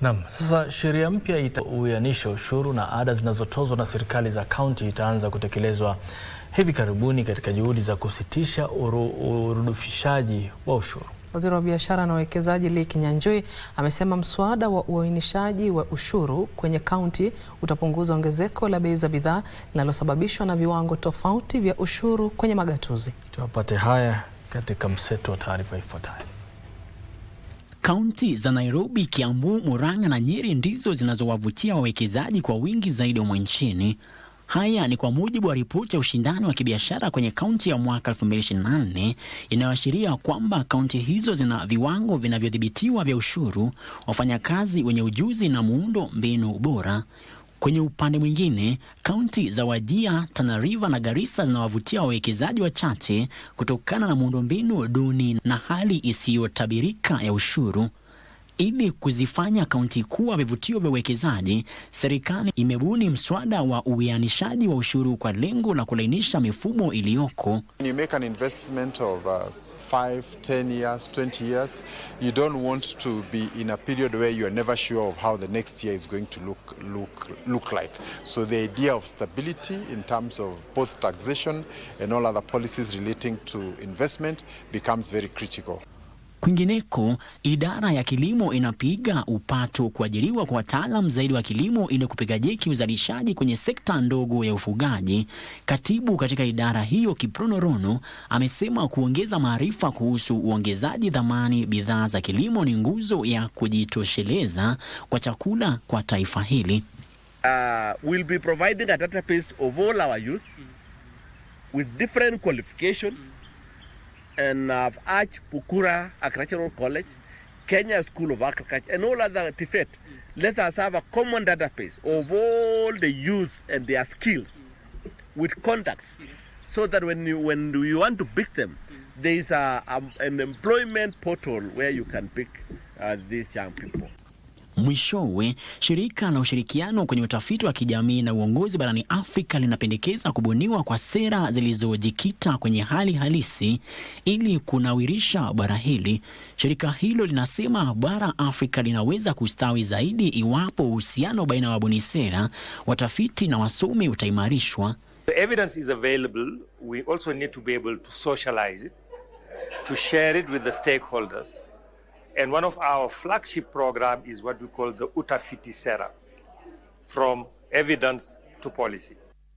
Naam, sasa sheria mpya itauyanisha ushuru na ada zinazotozwa na serikali za kaunti itaanza kutekelezwa hivi karibuni katika juhudi za kusitisha urudufishaji wa ushuru. Waziri wa Biashara na Uwekezaji Lee Kinyanjui amesema mswada wa uainishaji wa ushuru kwenye kaunti utapunguza ongezeko la bei za bidhaa linalosababishwa na viwango tofauti vya ushuru kwenye magatuzi. Tuwapate haya katika mseto wa taarifa ifuatayo. Kaunti za Nairobi, Kiambu, Murang'a na Nyeri ndizo zinazowavutia wawekezaji kwa wingi zaidi humo nchini. Haya ni kwa mujibu wa ripoti ya ushindani wa kibiashara kwenye kaunti ya mwaka 2024 inayoashiria kwamba kaunti hizo zina viwango vinavyodhibitiwa vya ushuru, wafanyakazi wenye ujuzi na muundo mbinu bora, Kwenye upande mwingine, kaunti za Wajia, Tana River na Garissa zinawavutia wawekezaji wachache kutokana na miundombinu duni na hali isiyotabirika ya ushuru. Ili kuzifanya kaunti kuwa vivutio vya uwekezaji, serikali imebuni mswada wa uwianishaji wa ushuru kwa lengo la kulainisha mifumo iliyoko five 10 years, 20 years. You don't want to be in a period where you are never sure of how the next year is going to look, look, look like. So the idea of stability in terms of both taxation and all other policies relating to investment becomes very critical. Kwingineko, idara ya kilimo inapiga upato kuajiriwa kwa wataalam zaidi wa kilimo ili kupiga jeki uzalishaji kwenye sekta ndogo ya ufugaji. Katibu katika idara hiyo Kiprono Rono amesema kuongeza maarifa kuhusu uongezaji dhamani bidhaa za kilimo ni nguzo ya kujitosheleza kwa chakula kwa taifa hili. Uh, we'll be providing a database of all our youth with different qualification and I've urged Pukura Agricultural College, Kenya School of Agriculture, and all other TFET. Let us have a common database of all the youth and their skills with contacts so that when you, when you want to pick them, there is a, a, an employment portal where you can pick uh, these young people. Mwishowe, shirika la ushirikiano kwenye utafiti wa kijamii na uongozi barani Afrika linapendekeza kubuniwa kwa sera zilizojikita kwenye hali halisi ili kunawirisha bara hili. Shirika hilo linasema bara Afrika linaweza kustawi zaidi iwapo uhusiano baina ya wabuni sera, watafiti na wasomi utaimarishwa. The evidence is available. We also need to be able to socialize it, to share it with the stakeholders. And one of our flagship program is what we call the Utafiti Sera, from evidence to policy.